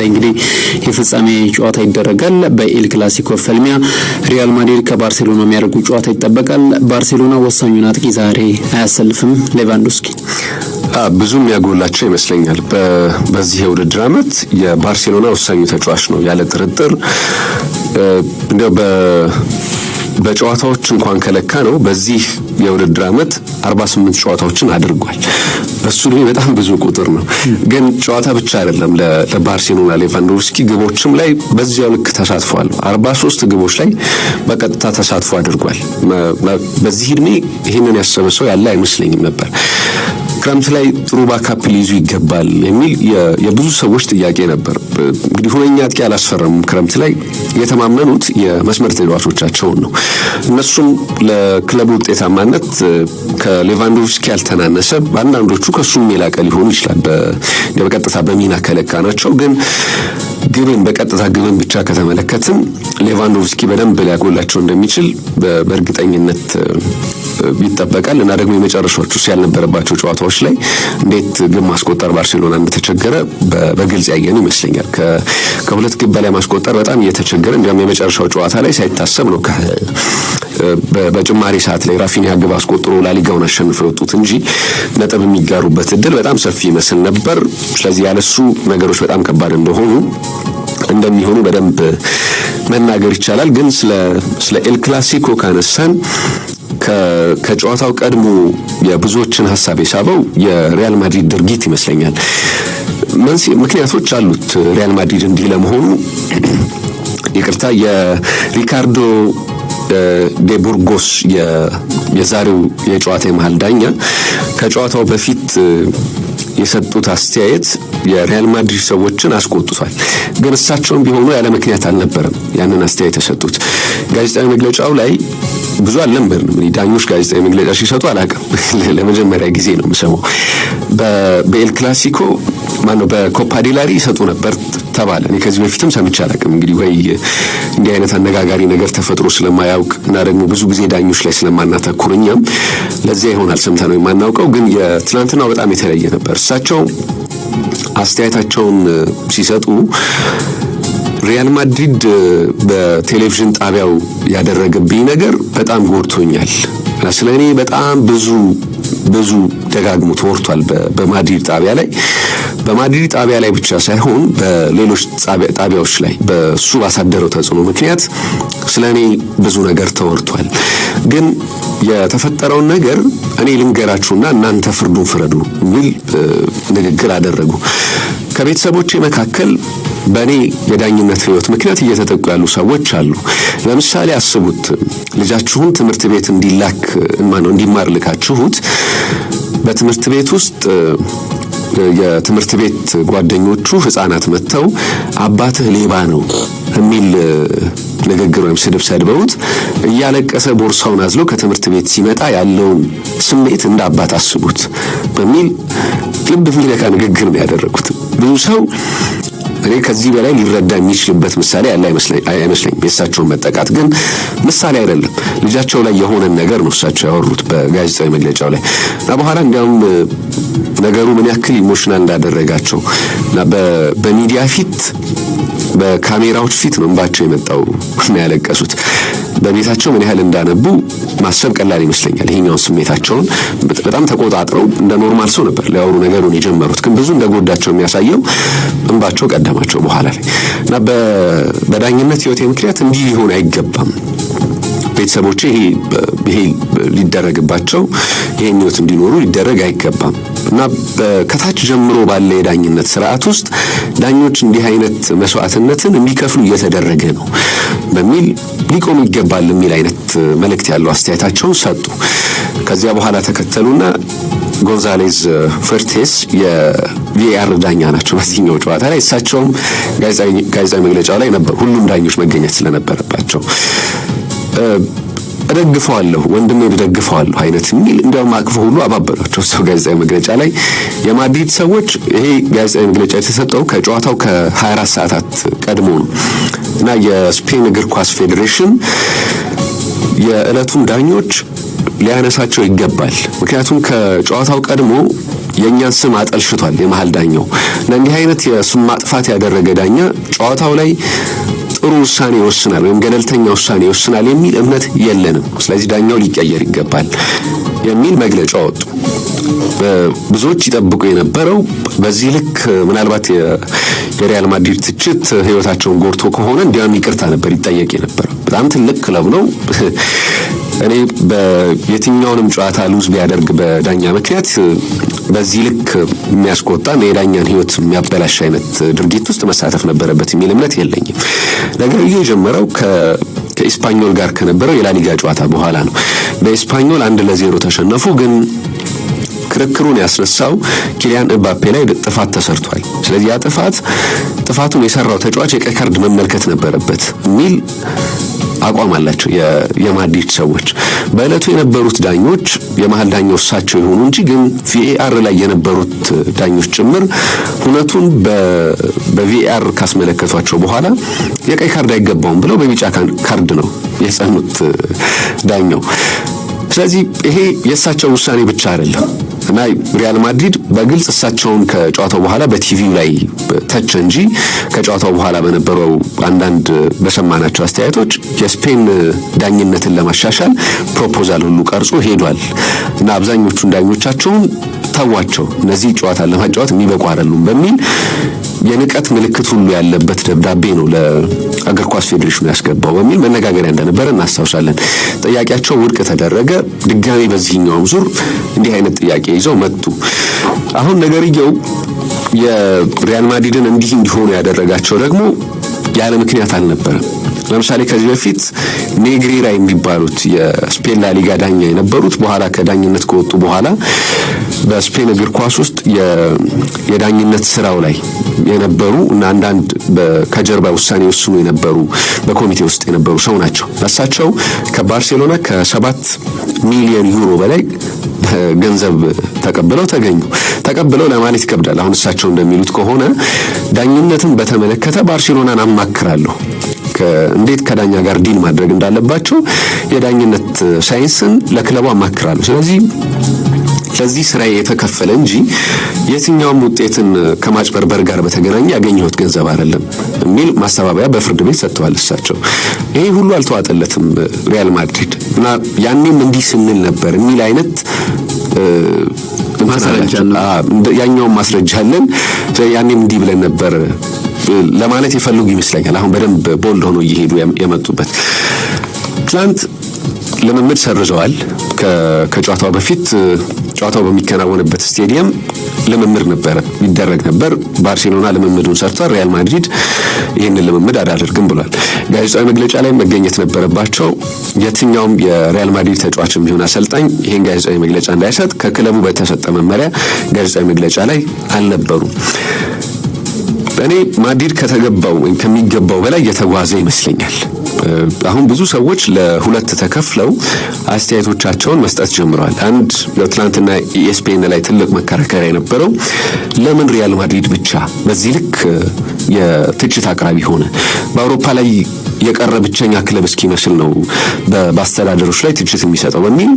ዛሬ እንግዲህ የፍጻሜ ጨዋታ ይደረጋል። በኤል ክላሲኮ ፈልሚያ ሪያል ማድሪድ ከባርሴሎና የሚያደርጉ ጨዋታ ይጠበቃል። ባርሴሎና ወሳኙን አጥቂ ዛሬ አያሰልፍም ሌቫንዶስኪ ብዙ የሚያጎላቸው ይመስለኛል። በዚህ የውድድር ዓመት የባርሴሎና ወሳኙ ተጫዋች ነው ያለ ጥርጥር እንዲያው በጨዋታዎች እንኳን ከለካ ነው በዚህ የውድድር ዓመት 48 ጨዋታዎችን አድርጓል። እሱ ላይ በጣም ብዙ ቁጥር ነው። ግን ጨዋታ ብቻ አይደለም ለባርሴሎና ሌቫንዶቭስኪ ግቦችም ላይ በዚያው ልክ ተሳትፏል። 43 ግቦች ላይ በቀጥታ ተሳትፎ አድርጓል። በዚህ እድሜ ይህንን ያሰበ ሰው ያለ አይመስለኝም ነበር። ክረምት ላይ ጥሩ ባካፕ ሊይዙ ይገባል የሚል የብዙ ሰዎች ጥያቄ ነበር። እንግዲህ ሁነኛ አጥቂ አላስፈረም ክረምት ላይ የተማመኑት የመስመር ተጫዋቾቻቸውን ነው። እነሱም ለክለቡ ውጤታማነት ከሌቫንዶቭስኪ ያልተናነሰ አንዳንዶቹ ከሱም የላቀ ሊሆኑ ይችላል። በቀጥታ በሚና ከለካ ናቸው ግን ግብን በቀጥታ ግብን ብቻ ከተመለከትም ሌቫንዶቭስኪ በደንብ ሊያጎላቸው እንደሚችል በእርግጠኝነት ይጠበቃል እና ደግሞ የመጨረሻዎቹ ያልነበረባቸው ጨዋታዎች ላይ እንዴት ግብ ማስቆጠር ባርሴሎና እንደተቸገረ በግልጽ ያየን ይመስለኛል። ከሁለት ግብ በላይ ማስቆጠር በጣም እየተቸገረ እንዲሁም የመጨረሻው ጨዋታ ላይ ሳይታሰብ ነው በጭማሪ ሰዓት ላይ ራፊኒያ ግብ አስቆጥሮ ላሊጋውን አሸንፈው የወጡት እንጂ ነጥብ የሚጋሩበት እድል በጣም ሰፊ ይመስል ነበር። ስለዚህ ያለሱ ነገሮች በጣም ከባድ እንደሆኑ እንደሚሆኑ በደንብ መናገር ይቻላል። ግን ስለ ስለ ኤል ክላሲኮ ካነሳን ከጨዋታው ቀድሞ የብዙዎችን ሀሳብ የሳበው የሪያል ማድሪድ ድርጊት ይመስለኛል። ምክንያቶች አሉት ሪያል ማድሪድ እንዲህ ለመሆኑ ይቅርታ የሪካርዶ ዴቡርጎስ የዛሬው የጨዋታ የመሀል ዳኛ ከጨዋታው በፊት የሰጡት አስተያየት የሪያል ማድሪድ ሰዎችን አስቆጥቷል። ግን እሳቸውም ቢሆኑ ያለ ምክንያት አልነበረም ያንን አስተያየት የሰጡት። ጋዜጣዊ መግለጫው ላይ ብዙ አልነበርንም። ዳኞች ጋዜጣዊ መግለጫ ሲሰጡ አላውቅም። ለመጀመሪያ ጊዜ ነው የምሰማው። በኤል ክላሲኮ ማነው በኮፓ ዴላሪ ይሰጡ ነበር ተባለ። እኔ ከዚህ በፊትም ሰምቼ አላቅም። እንግዲህ ወይ እንዲህ አይነት አነጋጋሪ ነገር ተፈጥሮ ስለማያውቅ እና ደግሞ ብዙ ጊዜ ዳኞች ላይ ስለማናተኩር እኛም ለዚያ ይሆናል ነው የማናውቀው። ግን የትናንትናው በጣም የተለየ ነበር። እሳቸው አስተያየታቸውን ሲሰጡ ሪያል ማድሪድ በቴሌቪዥን ጣቢያው ያደረገብኝ ነገር በጣም ጎድቶኛል። ስለ እኔ በጣም ብዙ ብዙ ደጋግሞ ተወርቷል በማድሪድ ጣቢያ ላይ በማድሪድ ጣቢያ ላይ ብቻ ሳይሆን በሌሎች ጣቢያዎች ላይ በሱ ባሳደረው ተጽዕኖ ምክንያት ስለ እኔ ብዙ ነገር ተወርቷል። ግን የተፈጠረውን ነገር እኔ ልንገራችሁና እናንተ ፍርዱን ፍረዱ የሚል ንግግር አደረጉ። ከቤተሰቦቼ መካከል በእኔ የዳኝነት ህይወት ምክንያት እየተጠቁ ያሉ ሰዎች አሉ። ለምሳሌ አስቡት ልጃችሁን ትምህርት ቤት እንዲላክ እንዲማር ልካችሁት በትምህርት ቤት ውስጥ የትምህርት ቤት ጓደኞቹ ህጻናት መጥተው አባትህ ሌባ ነው የሚል ንግግር ወይም ስድብ ሰድበውት እያለቀሰ ቦርሳውን አዝሎ ከትምህርት ቤት ሲመጣ ያለውን ስሜት እንደ አባት አስቡት በሚል ልብ የሚነካ ንግግር ነው ያደረጉት። ብዙ ሰው እኔ ከዚህ በላይ ሊረዳ የሚችልበት ምሳሌ ያለ አይመስለኝም። የእሳቸውን መጠቃት ግን ምሳሌ አይደለም፣ ልጃቸው ላይ የሆነን ነገር ነው እሳቸው ያወሩት በጋዜጣዊ መግለጫው ላይ እና በኋላ እንዲያውም ነገሩ ምን ያክል ኢሞሽናል እንዳደረጋቸው በሚዲያ ፊት በካሜራዎች ፊት ነው እንባቸው የመጣው እና ያለቀሱት። በቤታቸው ምን ያህል እንዳነቡ ማሰብ ቀላል ይመስለኛል። ይሄኛውን ስሜታቸውን በጣም ተቆጣጥረው እንደ ኖርማል ሰው ነበር ሊያወሩ ነገሩን የጀመሩት፣ ግን ብዙ እንደጎዳቸው የሚያሳየው እንባቸው ቀደማቸው በኋላ ላይ እና በዳኝነት ህይወቴ ምክንያት እንዲህ ሊሆን አይገባም። ቤተሰቦቼ ይሄ ሊደረግባቸው ይሄን እንዲኖሩ ሊደረግ አይገባም። እና ከታች ጀምሮ ባለ የዳኝነት ስርዓት ውስጥ ዳኞች እንዲህ አይነት መስዋዕትነትን እንዲከፍሉ እየተደረገ ነው በሚል ሊቆም ይገባል የሚል አይነት መልእክት ያለው አስተያየታቸውን ሰጡ። ከዚያ በኋላ ተከተሉና ጎንዛሌዝ ፈርቴስ የቪኤአር ዳኛ ናቸው በዚህኛው ጨዋታ ላይ። እሳቸውም ጋዜጣዊ መግለጫው ላይ ነበር ሁሉም ዳኞች መገኘት ስለነበረባቸው እደግፈዋለሁ ወንድሜ እደግፈዋለሁ አይነት የሚል እንዲያውም አቅፎ ሁሉ አባበሏቸው። ሰው ጋዜጣዊ መግለጫ ላይ የማድሪድ ሰዎች ይሄ ጋዜጣዊ መግለጫ የተሰጠው ከጨዋታው ከ24 ሰዓታት ቀድሞ ነው እና የስፔን እግር ኳስ ፌዴሬሽን የዕለቱን ዳኞች ሊያነሳቸው ይገባል። ምክንያቱም ከጨዋታው ቀድሞ የእኛን ስም አጠልሽቷል የመሀል ዳኛው እና እንዲህ አይነት የስም ማጥፋት ያደረገ ዳኛ ጨዋታው ላይ ጥሩ ውሳኔ ይወስናል ወይም ገለልተኛ ውሳኔ ይወስናል የሚል እምነት የለንም። ስለዚህ ዳኛው ሊቀየር ይገባል የሚል መግለጫ ወጡ ብዙዎች ይጠብቁ የነበረው በዚህ ልክ ምናልባት የሪያል ማድሪድ ትችት ህይወታቸውን ጎድቶ ከሆነ እንዲያውም ይቅርታ ነበር ይጠየቅ የነበረው። በጣም ትልቅ ክለብ ነው። እኔ የትኛውንም ጨዋታ ሉዝ ቢያደርግ በዳኛ ምክንያት በዚህ ልክ የሚያስቆጣ የዳኛን ህይወት የሚያበላሽ አይነት ድርጊት ውስጥ መሳተፍ ነበረበት የሚል እምነት የለኝም። ነገር ይህ የጀመረው ከኢስፓኞል ጋር ከነበረው የላሊጋ ጨዋታ በኋላ ነው። በኢስፓኞል አንድ ለዜሮ ተሸነፉ ግን ክርክሩን ያስነሳው ኪሊያን እባፔ ላይ ጥፋት ተሰርቷል። ስለዚህ ያ ጥፋት ጥፋቱን የሰራው ተጫዋች የቀይ ካርድ መመልከት ነበረበት የሚል አቋም አላቸው የማድሪድ ሰዎች። በእለቱ የነበሩት ዳኞች የመሀል ዳኛው እሳቸው የሆኑ እንጂ ግን ቪኤአር ላይ የነበሩት ዳኞች ጭምር ሁነቱን በቪኤአር ካስመለከቷቸው በኋላ የቀይ ካርድ አይገባውም ብለው በቢጫ ካርድ ነው የጸኑት ዳኛው። ስለዚህ ይሄ የእሳቸው ውሳኔ ብቻ አይደለም። እና ሪያል ማድሪድ በግልጽ እሳቸውን ከጨዋታው በኋላ በቲቪው ላይ ተች እንጂ ከጨዋታው በኋላ በነበረው አንዳንድ በሰማናቸው አስተያየቶች የስፔን ዳኝነትን ለማሻሻል ፕሮፖዛል ሁሉ ቀርጾ ሄዷል እና አብዛኞቹን ዳኞቻቸውን ተዋቸው፣ እነዚህ ጨዋታ ለማጫወት የሚበቁ አይደሉም በሚል የንቀት ምልክት ሁሉ ያለበት ደብዳቤ ነው ለእግር ኳስ ፌዴሬሽኑ ያስገባው በሚል መነጋገሪያ እንደነበረ እናስታውሳለን። ጥያቄያቸው ውድቅ ተደረገ። ድጋሜ በዚህኛውም ዙር እንዲህ አይነት ጥያቄ ይዘው መጡ። አሁን ነገርየው የሪያል ማድሪድን እንዲህ እንዲሆኑ ያደረጋቸው ደግሞ ያለ ምክንያት አልነበረም። ለምሳሌ ከዚህ በፊት ኔግሬራ የሚባሉት የስፔን ላሊጋ ዳኛ የነበሩት በኋላ ከዳኝነት ከወጡ በኋላ በስፔን እግር ኳስ ውስጥ የዳኝነት ስራው ላይ የነበሩ እና አንዳንድ ከጀርባ ውሳኔ ወስኑ የነበሩ በኮሚቴ ውስጥ የነበሩ ሰው ናቸው። እሳቸው ከባርሴሎና ከሰባት ሚሊዮን ዩሮ በላይ ገንዘብ ተቀብለው ተገኙ። ተቀብለው ለማለት ይከብዳል። አሁን እሳቸው እንደሚሉት ከሆነ ዳኝነትን በተመለከተ ባርሴሎናን አማክራለሁ እንዴት ከዳኛ ጋር ዲል ማድረግ እንዳለባቸው የዳኝነት ሳይንስን ለክለቡ አማክራለሁ። ስለዚህ ለዚህ ስራ የተከፈለ እንጂ የትኛውም ውጤትን ከማጭበርበር ጋር በተገናኘ ያገኘሁት ገንዘብ አይደለም የሚል ማስተባበያ በፍርድ ቤት ሰጥተዋል እሳቸው። ይሄ ሁሉ አልተዋጠለትም ሪያል ማድሪድ እና ያኔም እንዲህ ስንል ነበር የሚል አይነት ያኛውን ማስረጃ አለን። ያኔም እንዲህ ብለን ነበር ለማለት የፈልጉ ይመስለኛል። አሁን በደንብ ቦልድ ሆኖ እየሄዱ የመጡበት ትናንት ልምምድ ሰርዘዋል። ከጨዋታው በፊት ጨዋታው በሚከናወንበት ስቴዲየም ልምምድ ነበረ ይደረግ ነበር። ባርሴሎና ልምምዱን ሰርቷል። ሪያል ማድሪድ ይህንን ልምምድ አላደርግም ብሏል። ጋዜጣዊ መግለጫ ላይ መገኘት ነበረባቸው። የትኛውም የሪያል ማድሪድ ተጫዋች የሚሆን አሰልጣኝ ይህን ጋዜጣዊ መግለጫ እንዳይሰጥ ከክለቡ በተሰጠ መመሪያ ጋዜጣዊ መግለጫ ላይ አልነበሩም። እኔ ማድሪድ ከተገባው ወይም ከሚገባው በላይ የተጓዘ ይመስለኛል። አሁን ብዙ ሰዎች ለሁለት ተከፍለው አስተያየቶቻቸውን መስጠት ጀምረዋል። አንድ ትናንትና ኤስፔን ላይ ትልቅ መከራከሪያ የነበረው ለምን ሪያል ማድሪድ ብቻ በዚህ ልክ የትችት አቅራቢ ሆነ? በአውሮፓ ላይ የቀረ ብቸኛ ክለብ እስኪመስል ነው በአስተዳደሮች ላይ ትችት የሚሰጠው በሚል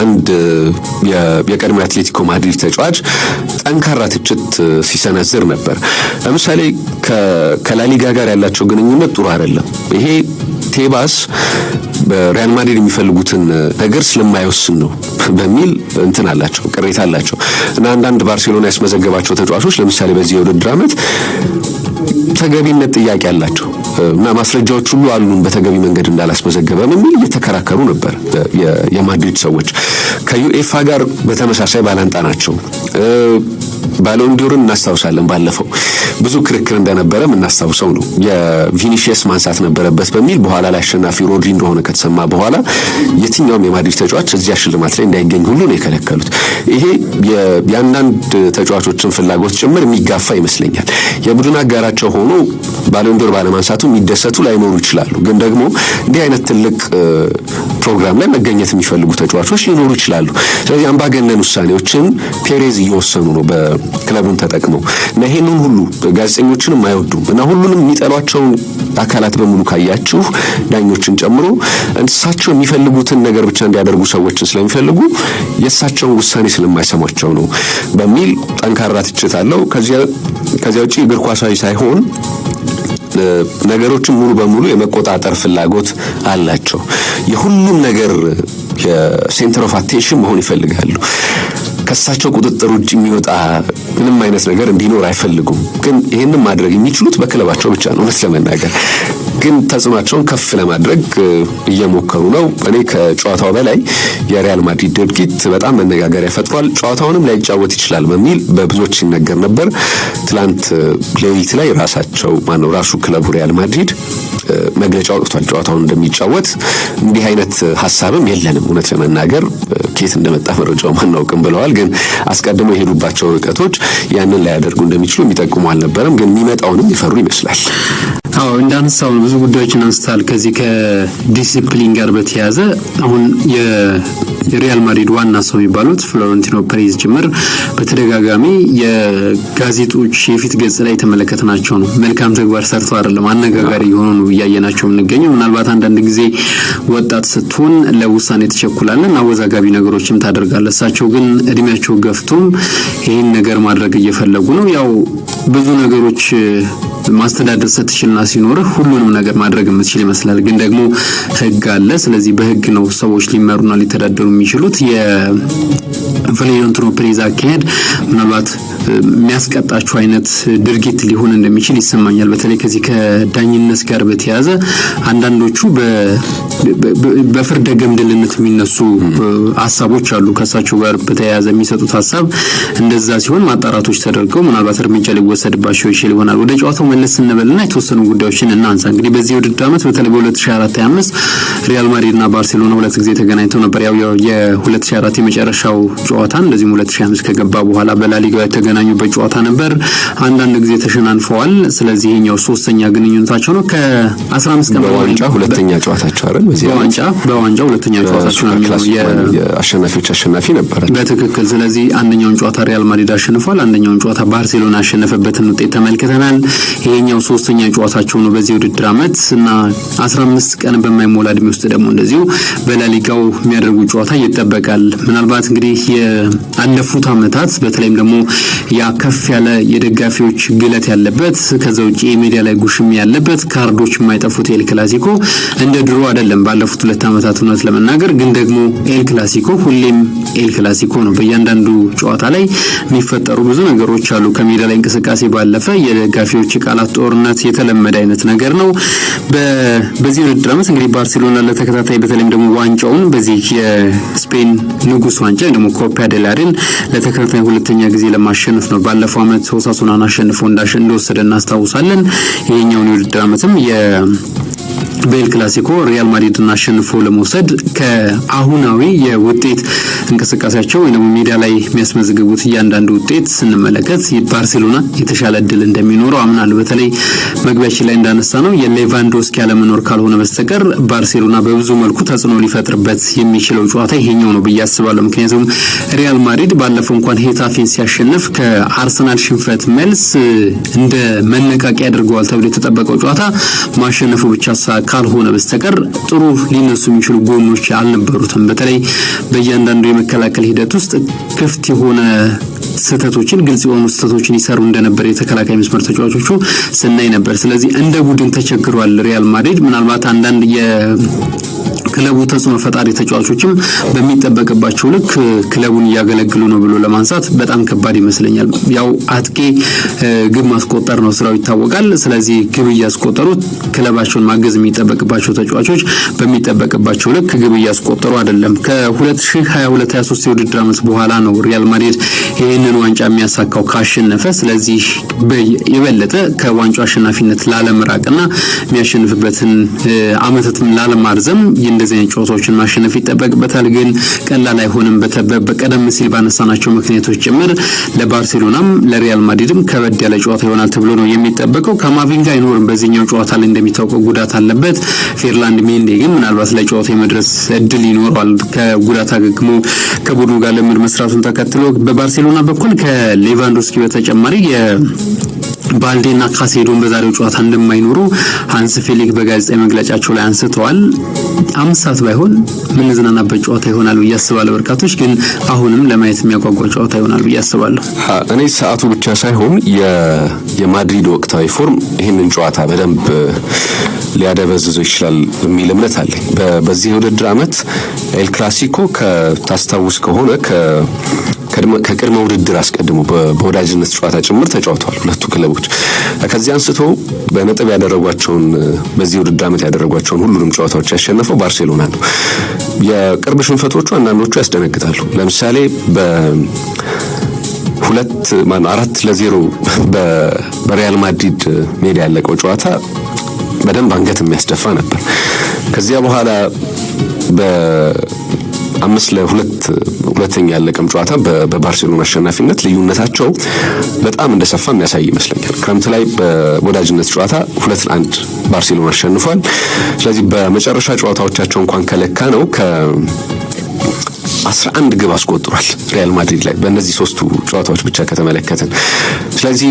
አንድ የቀድሞ የአትሌቲኮ ማድሪድ ተጫዋች ጠንካራ ትችት ሲሰነዝር ነበር። ለምሳሌ ከላሊጋ ጋር ያላቸው ግንኙነት ጥሩ አይደለም። ይሄ ቴባስ በሪያል ማድሪድ የሚፈልጉትን ነገር ስለማይወስን ነው በሚል እንትን አላቸው፣ ቅሬታ አላቸው እና አንዳንድ ባርሴሎና ያስመዘገባቸው ተጫዋቾች ለምሳሌ በዚህ የውድድር ዓመት ተገቢነት ጥያቄ አላቸው። እና ማስረጃዎች ሁሉ አሉን በተገቢ መንገድ እንዳላስመዘገበ በሚል እየተከራከሩ ነበር። የማድሪድ ሰዎች ከዩኤፋ ጋር በተመሳሳይ ባላንጣ ናቸው። ባሎን እናስታውሳለን። ባለፈው ብዙ ክርክር እንደነበረ እናስታውሰው ነው። የቪኒሺየስ ማንሳት ነበረበት በሚል በኋላ ላይ አሸናፊ ሮድሪ እንደሆነ ከተሰማ በኋላ የትኛውም የማድሪድ ተጫዋች እዚያ ሽልማት ላይ እንዳይገኝ ሁሉ ነው የከለከሉት። ይሄ የአንዳንድ ተጫዋቾችን ፍላጎት ጭምር የሚጋፋ ይመስለኛል። የቡድን አጋራቸው ሆኖ ባሎን ባለማንሳቱ የሚደሰቱ ላይኖሩ ይችላሉ። ግን ደግሞ እንዲህ አይነት ትልቅ ፕሮግራም ላይ መገኘት የሚፈልጉ ተጫዋቾች ሊኖሩ ይችላሉ። ስለዚህ አምባገነን ውሳኔዎችን ፔሬዝ እየወሰኑ ነው ክለቡን ተጠቅመው እና ይሄንን ሁሉ ጋዜጠኞችንም አይወዱም እና ሁሉንም የሚጠሏቸውን አካላት በሙሉ ካያችሁ ዳኞችን ጨምሮ እሳቸው የሚፈልጉትን ነገር ብቻ እንዲያደርጉ ሰዎችን ስለሚፈልጉ የእሳቸውን ውሳኔ ስለማይሰማቸው ነው በሚል ጠንካራ ትችት አለው። ከዚያ ውጭ እግር ኳሳዊ ሳይሆን ነገሮችን ሙሉ በሙሉ የመቆጣጠር ፍላጎት አላቸው። የሁሉም ነገር የሴንተር ኦፍ አቴንሽን መሆን ይፈልጋሉ። ከሳቸው ቁጥጥር ውጭ የሚወጣ ምንም አይነት ነገር እንዲኖር አይፈልጉም። ግን ይህንን ማድረግ የሚችሉት በክለባቸው ብቻ ነው። እውነት ለመናገር ግን ተጽዕኖቸውን ከፍ ለማድረግ እየሞከሩ ነው። እኔ ከጨዋታው በላይ የሪያል ማድሪድ ድርጊት በጣም መነጋገሪያ ፈጥሯል። ጨዋታውንም ላይጫወት ይችላል በሚል በብዙዎች ሲነገር ነበር። ትላንት ሌሊት ላይ ራሳቸው ማነው ራሱ ክለቡ ሪያል ማድሪድ መግለጫ ወጥቷል። ጨዋታውን እንደሚጫወት እንዲህ አይነት ሀሳብም የለንም እውነት ለመናገር ኬት እንደመጣ መረጃውም አናውቅም ብለዋል። ግን አስቀድሞ የሄዱባቸው ርቀቶች ያንን ላያደርጉ እንደሚችሉ የሚጠቁሙ አልነበረም። ግን የሚመጣውንም ይፈሩ ይመስላል። አዎ እንዳነሳው ብዙ ጉዳዮችን አንስታል። ከዚህ ከዲሲፕሊን ጋር በተያያዘ አሁን የሪያል ማድሪድ ዋና ሰው የሚባሉት ፍሎረንቲኖ ፔሬዝ ጭምር በተደጋጋሚ የጋዜጦች የፊት ገጽ ላይ የተመለከትናቸው ነው። መልካም ተግባር ሰርተው አይደለም፣ አነጋጋሪ የሆኑ ነው እያየናቸው የምንገኘው። ምናልባት አንዳንድ ጊዜ ወጣት ስትሆን ለውሳኔ ትቸኩላለን፣ አወዛጋቢ ነገሮችም ታደርጋለ። እሳቸው ግን እድሜያቸው ገፍቶም ይህን ነገር ማድረግ እየፈለጉ ነው። ያው ብዙ ነገሮች ማስተዳደር ስትችልና ሲኖርህ ሁሉንም ነገር ማድረግ የምትችል ይመስላል። ግን ደግሞ ህግ አለ። ስለዚህ በህግ ነው ሰዎች ሊመሩና ሊተዳደሩ የሚችሉት። የፍሌዮንትሮ አካሄድ ምናልባት የሚያስቀጣቸው አይነት ድርጊት ሊሆን እንደሚችል ይሰማኛል። በተለይ ከዚህ ከዳኝነት ጋር በተያያዘ አንዳንዶቹ በፍርደ ገምድልነት የሚነሱ ሀሳቦች አሉ። ከእሳቸው ጋር በተያያዘ የሚሰጡት ሀሳብ እንደዛ ሲሆን ማጣራቶች ተደርገው ምናልባት እርምጃ ሊወሰድባቸው ይችል ይሆናል። ወደ ጨዋታው መለስ እንበልና የተወሰኑ ጉዳዮችን እናንሳ። እንግዲህ በዚህ ውድድር ዓመት በተለይ በ2024/25 ሪያል ማድሪድ እና ባርሴሎና ሁለት ጊዜ ተገናኝተው ነበር። ያው የ2024 የመጨረሻው ጨዋታ እንደዚሁም 2025 ከገባ በኋላ በላሊጋ የተገናኙበት ጨዋታ ነበር። አንዳንድ ጊዜ ተሸናንፈዋል። ስለዚህ ይኸኛው ሶስተኛ ግንኙነታቸው ነው። ከ15 ቀን በዋንጫ ሁለተኛ ጨዋታቸው አይደል? በዚህ በዋንጫ በዋንጫ ሁለተኛ ጨዋታቸው ነው የሚሆነው። የአሸናፊዎች አሸናፊ ነበረ በትክክል። ስለዚህ አንደኛውን ጨዋታ ሪያል ማድሪድ አሸንፏል። አንደኛውን ጨዋታ ባርሴሎና ያሸነፈበትን ውጤት ተመልክተናል። ይሄኛው ሶስተኛ ጨዋታቸው ነው በዚህ ውድድር አመት እና 15 ቀን በማይሞላ እድሜ ውስጥ ደግሞ እንደዚሁ በላሊጋው የሚያደርጉ ጨዋታ ይጠበቃል። ምናልባት እንግዲህ የአለፉት አመታት በተለይም ደግሞ ያ ከፍ ያለ የደጋፊዎች ግለት ያለበት ከዛ ውጭ የሜዲያ ላይ ጉሽም ያለበት ካርዶች የማይጠፉት ኤል ክላሲኮ እንደ ድሮ አይደለም። ባለፉት ሁለት አመታት እውነት ለመናገር ግን ደግሞ ኤል ክላሲኮ ሁሌም ኤል ክላሲኮ ነው። በእያንዳንዱ ጨዋታ ላይ የሚፈጠሩ ብዙ ነገሮች አሉ። ከሜዳ ላይ እንቅስቃሴ ባለፈ የደጋፊዎች የቃላት ጦርነት የተለመደ አይነት ነገር ነው። በዚህ ውድድር ዓመት እንግዲህ ባርሴሎና ለተከታታይ በተለይም ደግሞ ዋንጫውን በዚህ የስፔን ንጉስ ዋንጫ ደግሞ ኮፓ ዴል ሬይን ለተከታታይ ሁለተኛ ጊዜ ለማሸነፍ ነው። ባለፈው አመት ሆሳሱናን አሸንፎ እንደወሰደ እናስታውሳለን። ይሄኛውን የውድድር ዓመትም የ በኤል ክላሲኮ ሪያል ማድሪድን አሸንፎ ለመውሰድ ከአሁናዊ የውጤት እንቅስቃሴያቸው ወይም ሜዳ ላይ የሚያስመዘግቡት እያንዳንዱ ውጤት ስንመለከት ባርሴሎና የተሻለ እድል እንደሚኖረው አምናለሁ። በተለይ መግቢያችን ላይ እንዳነሳ ነው የሌቫንዶስኪ ያለመኖር ካልሆነ በስተቀር ባርሴሎና በብዙ መልኩ ተጽዕኖ ሊፈጥርበት የሚችለው ጨዋታ ይሄኛው ነው ብዬ አስባለሁ። ምክንያቱም ሪያል ማድሪድ ባለፈው እንኳን ሄታፌን ሲያሸንፍ ከአርሰናል ሽንፈት መልስ እንደ መነቃቂያ ያደርገዋል ተብሎ የተጠበቀው ጨዋታ ማሸነፉ ብቻ ካልሆነ በስተቀር ጥሩ ሊነሱ የሚችሉ ጎኖች አልነበሩትም። በተለይ በእያንዳንዱ የመከላከል ሂደት ውስጥ ክፍት የሆነ ስህተቶችን ግልጽ የሆኑ ስህተቶችን ይሰሩ እንደነበር የተከላካይ መስመር ተጫዋቾቹ ስናይ ነበር። ስለዚህ እንደ ቡድን ተቸግሯል ሪያል ማድሪድ ምናልባት አንዳንድ ክለቡ ተጽዕኖ ፈጣሪ ተጫዋቾችም በሚጠበቅባቸው ልክ ክለቡን እያገለግሉ ነው ብሎ ለማንሳት በጣም ከባድ ይመስለኛል። ያው አጥቂ ግብ ማስቆጠር ነው ስራው ይታወቃል። ስለዚህ ግብ እያስቆጠሩ ክለባቸውን ማገዝ የሚጠበቅባቸው ተጫዋቾች በሚጠበቅባቸው ልክ ግብ እያስቆጠሩ አይደለም። ከ2022/23 የውድድር አመት በኋላ ነው ሪያል ማድሪድ ይህንን ዋንጫ የሚያሳካው ካሸነፈ። ስለዚህ የበለጠ ከዋንጫው አሸናፊነት ላለመራቅና የሚያሸንፍበትን አመታትም ላለማርዘም እንደዚህ ጨዋታዎችን ማሸነፍ ይጠበቅበታል። ግን ቀላል አይሆንም። በቀደም ሲል ባነሳናቸው ምክንያቶች ጭምር ለባርሴሎናም ለሪያል ማድሪድም ከበድ ያለ ጨዋታ ይሆናል ተብሎ ነው የሚጠበቀው። ከማቪንጋ አይኖርም በዚህኛው ጨዋታ ላይ እንደሚታወቀው ጉዳት አለበት። ፌርላንድ ሜንዴ ግን ምናልባት ለጨዋታ የመድረስ እድል ይኖረዋል ከጉዳት አገግሞ ከቡድኑ ጋር ልምድ መስራቱን ተከትሎ በባርሴሎና በኩል ከሌቫንዶስኪ በተጨማሪ ባልዴና ካሴዶን በዛሬው ጨዋታ እንደማይኖሩ ሀንስ ፌሊክ በጋዜጣዊ መግለጫቸው ላይ አንስተዋል። አምስት ሰዓት ባይሆን የምንዝናናበት ጨዋታ ይሆናል ብዬ አስባለሁ። በርካቶች ግን አሁንም ለማየት የሚያጓጓ ጨዋታ ይሆናል ብዬ አስባለሁ። እኔ ሰዓቱ ብቻ ሳይሆን የማድሪድ ወቅታዊ ፎርም ይህንን ጨዋታ በደንብ ሊያደበዝዞ ይችላል የሚል እምነት አለኝ። በዚህ የውድድር ዓመት ኤል ክላሲኮ ከታስታውስ ከሆነ ከቅድመ ውድድር አስቀድሞ በወዳጅነት ጨዋታ ጭምር ተጫውተዋል ሁለቱ ክለቦች። ከዚህ አንስቶ በነጥብ ያደረጓቸውን በዚህ ውድድር ዓመት ያደረጓቸውን ሁሉንም ጨዋታዎች ያሸነፈው ባርሴሎና ነው። የቅርብ ሽንፈቶቹ አንዳንዶቹ ያስደነግጣሉ። ለምሳሌ በሁለት አራት ለዜሮ በሪያል ማድሪድ ሜዳ ያለቀው ጨዋታ በደንብ አንገት የሚያስደፋ ነበር። ከዚያ በኋላ አምስት ለሁለት ሁለተኛ ያለቀም ጨዋታ በባርሴሎና አሸናፊነት ልዩነታቸው በጣም እንደሰፋ የሚያሳይ ይመስለኛል። ክረምት ላይ በወዳጅነት ጨዋታ ሁለት ለአንድ ባርሴሎና አሸንፏል። ስለዚህ በመጨረሻ ጨዋታዎቻቸው እንኳን ከለካ ነው 11 ግብ አስቆጥሯል ሪያል ማድሪድ ላይ በእነዚህ ሶስቱ ጨዋታዎች ብቻ ከተመለከትን። ስለዚህ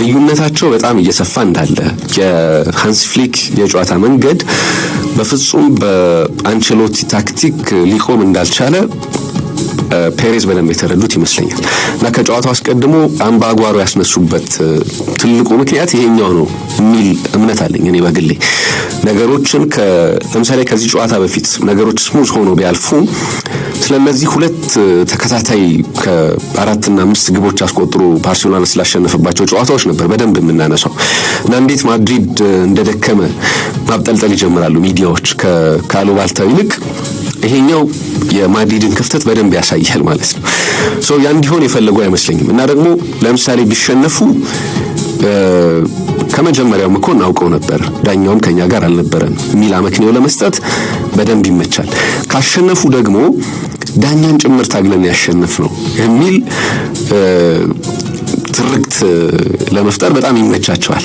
ልዩነታቸው በጣም እየሰፋ እንዳለ የሃንስ ፍሊክ የጨዋታ መንገድ በፍጹም በአንቸሎቲ ታክቲክ ሊቆም እንዳልቻለ ፔሬዝ በደንብ የተረዱት ይመስለኛል እና ከጨዋታው አስቀድሞ አምባጓሮ ያስነሱበት ትልቁ ምክንያት ይሄኛው ነው የሚል እምነት አለኝ እኔ በግሌ። ነገሮችን ለምሳሌ ከዚህ ጨዋታ በፊት ነገሮች ስሙዝ ሆኖ ቢያልፉ ስለነዚህ ሁለት ተከታታይ ከአራትና አምስት ግቦች አስቆጥሮ ባርሴሎና ስላሸነፈባቸው ጨዋታዎች ነበር በደንብ የምናነሳው እና እንዴት ማድሪድ እንደደከመ ማብጠልጠል ይጀምራሉ ሚዲያዎች ከአሉባልታ ይልቅ ይሄኛው የማድሪድን ክፍተት በደንብ ያሳያል ማለት ነው። ሶ ያ እንዲሆን የፈለጉ አይመስለኝም። እና ደግሞ ለምሳሌ ቢሸነፉ ከመጀመሪያውም እኮ እናውቀው ነበር፣ ዳኛውም ከኛ ጋር አልነበረም የሚል አመክንዮ ለመስጠት በደንብ ይመቻል። ካሸነፉ ደግሞ ዳኛን ጭምር ታግለን ያሸነፍ ነው የሚል ትርክት ለመፍጠር በጣም ይመቻቸዋል።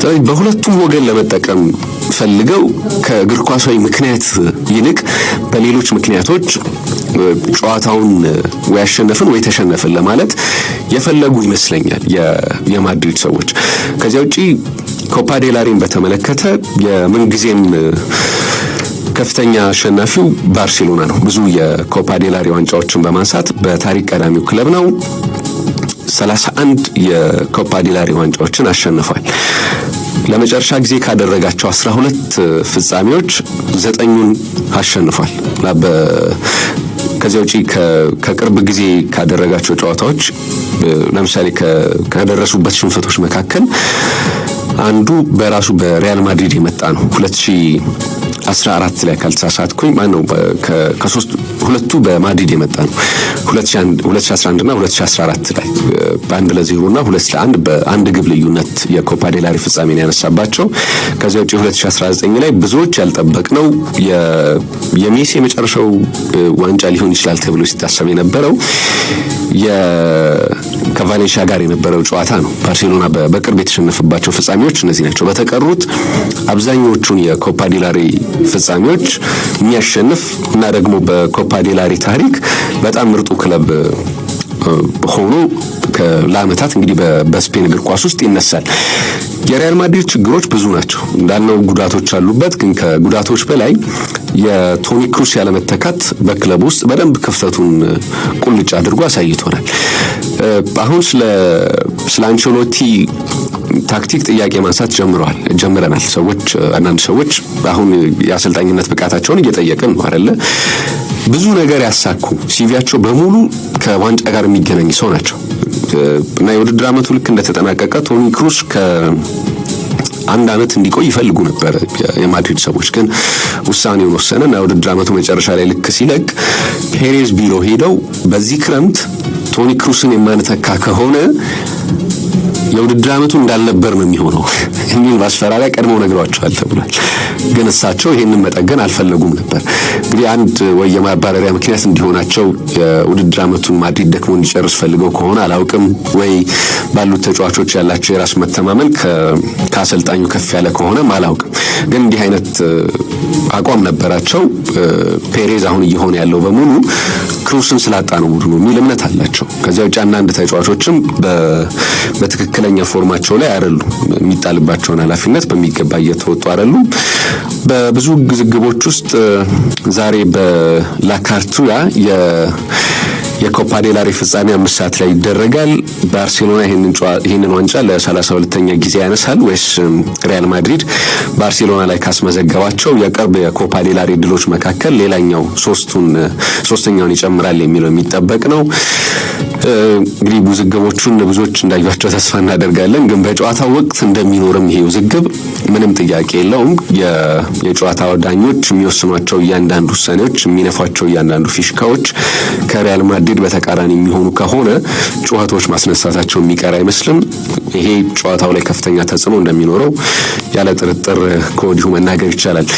ስለዚህ በሁለቱም ወገን ለመጠቀም ፈልገው ከእግር ኳሳዊ ምክንያት ይልቅ በሌሎች ምክንያቶች ጨዋታውን ወይ አሸነፍን ወይ ተሸነፍን ለማለት የፈለጉ ይመስለኛል የማድሪድ ሰዎች። ከዚያ ውጪ ኮፓ ዴላሪን በተመለከተ የምንጊዜም ከፍተኛ አሸናፊው ባርሴሎና ነው። ብዙ የኮፓ ዴላሪ ዋንጫዎችን በማንሳት በታሪክ ቀዳሚው ክለብ ነው። 31 የኮፓ ዴላሪ ዋንጫዎችን አሸንፏል። ለመጨረሻ ጊዜ ካደረጋቸው 12 ፍጻሜዎች ዘጠኙን አሸንፏል። ከዚያ ውጪ ከቅርብ ጊዜ ካደረጋቸው ጨዋታዎች ለምሳሌ ከደረሱበት ሽንፈቶች መካከል አንዱ በራሱ በሪያል ማድሪድ የመጣ ነው 2000 14 ላይ ካልተሳሳትኩኝ ነው ከሶስት ሁለቱ በማድሪድ የመጣ ነው 2011 እና 2014 ላይ በአንድ ለዜሮ እና ሁለት ለአንድ በአንድ ግብ ልዩነት የኮፓ ዴላሪ ፍጻሜን ያነሳባቸው። ከዚያ ውጭ 2019 ላይ ብዙዎች ያልጠበቅነው የሜሲ የመጨረሻው ዋንጫ ሊሆን ይችላል ተብሎ ሲታሰብ የነበረው ከቫሌንሺያ ጋር የነበረው ጨዋታ ነው። ባርሴሎና በቅርብ የተሸነፈባቸው ፍጻሜዎች እነዚህ ናቸው። በተቀሩት አብዛኞቹን የኮፓ ዴላሬ ፍጻሜዎች የሚያሸንፍ እና ደግሞ በኮፓ ዴላሬ ታሪክ በጣም ምርጡ ክለብ ሆኖ ለአመታት እንግዲህ በስፔን እግር ኳስ ውስጥ ይነሳል። የሪያል ማድሪድ ችግሮች ብዙ ናቸው እንዳልነው ጉዳቶች አሉበት። ግን ከጉዳቶች በላይ የቶኒ ክሩስ ያለመተካት በክለብ ውስጥ በደንብ ክፍተቱን ቁልጭ አድርጎ አሳይቶናል። አሁን ስለ አንቸሎቲ ታክቲክ ጥያቄ ማንሳት ጀምረዋል ጀምረናል። ሰዎች አንዳንድ ሰዎች አሁን የአሰልጣኝነት ብቃታቸውን እየጠየቅን ነው አይደለ? ብዙ ነገር ያሳኩ ሲቪያቸው በሙሉ ከዋንጫ ጋር የሚገናኝ ሰው ናቸው እና የውድድር ዓመቱ ልክ እንደተጠናቀቀ ቶኒ ክሩስ አንድ አመት እንዲቆይ ይፈልጉ ነበር የማድሪድ ሰዎች። ግን ውሳኔውን ወሰነ እና የውድድር ዓመቱ መጨረሻ ላይ ልክ ሲለቅ ፔሬዝ ቢሮ ሄደው በዚህ ክረምት ቶኒ ክሩስን የማንተካ ከሆነ የውድድር ዓመቱ እንዳልነበር ነው የሚሆነው የሚል ማስፈራሪያ ቀድመው ነግሯቸዋል ተብሏል። ግን እሳቸው ይህንን መጠገን አልፈለጉም ነበር። እንግዲህ አንድ ወይ የማባረሪያ ምክንያት እንዲሆናቸው የውድድር ዓመቱን ማድሪድ ደክሞ እንዲጨርስ ፈልገው ከሆነ አላውቅም፣ ወይ ባሉት ተጫዋቾች ያላቸው የራስ መተማመን ከአሰልጣኙ ከፍ ያለ ከሆነም አላውቅም። ግን እንዲህ አይነት አቋም ነበራቸው። ፔሬዝ አሁን እየሆነ ያለው በሙሉ ክሩስን ስላጣ ነው ቡድኑ የሚል እምነት አላቸው። ከዚያ ውጭ አንዳንድ ተጫዋቾችም በትክክል ትክክለኛ ፎርማቸው ላይ አይደሉም። የሚጣልባቸውን ኃላፊነት በሚገባ እየተወጡ አይደሉም። በብዙ ግዝግቦች ውስጥ ዛሬ በላካርቱያ የኮፓ ዴል ፍጻሜ አምስት ሰዓት ላይ ይደረጋል። ባርሴሎና ይህንን ዋንጫ ለሰላሳ ሁለተኛ ጊዜ ያነሳል ወይስ ሪያል ማድሪድ ባርሴሎና ላይ ካስመዘገባቸው የቅርብ የኮፓ ድሎች መካከል ሌላኛው ሶስቱን ሶስተኛውን ይጨምራል የሚለው የሚጠበቅ ነው። እንግዲህ ውዝግቦቹን ብዙዎች እንዳዩቸው ተስፋ እናደርጋለን። ግን በጨዋታ ወቅት እንደሚኖርም ይሄ ውዝግብ ምንም ጥያቄ የለውም። የጨዋታ ዳኞች የሚወስኗቸው እያንዳንዱ ውሳኔዎች፣ የሚነፏቸው እያንዳንዱ ፊሽካዎች ከሪያል ማድሪድ በተቃራኒ የሚሆኑ ከሆነ ጨዋታዎች ማስነሳታቸው የሚቀር አይመስልም። ይሄ ጨዋታው ላይ ከፍተኛ ተጽዕኖ እንደሚኖረው ያለ ጥርጥር ከወዲሁ መናገር ይቻላል።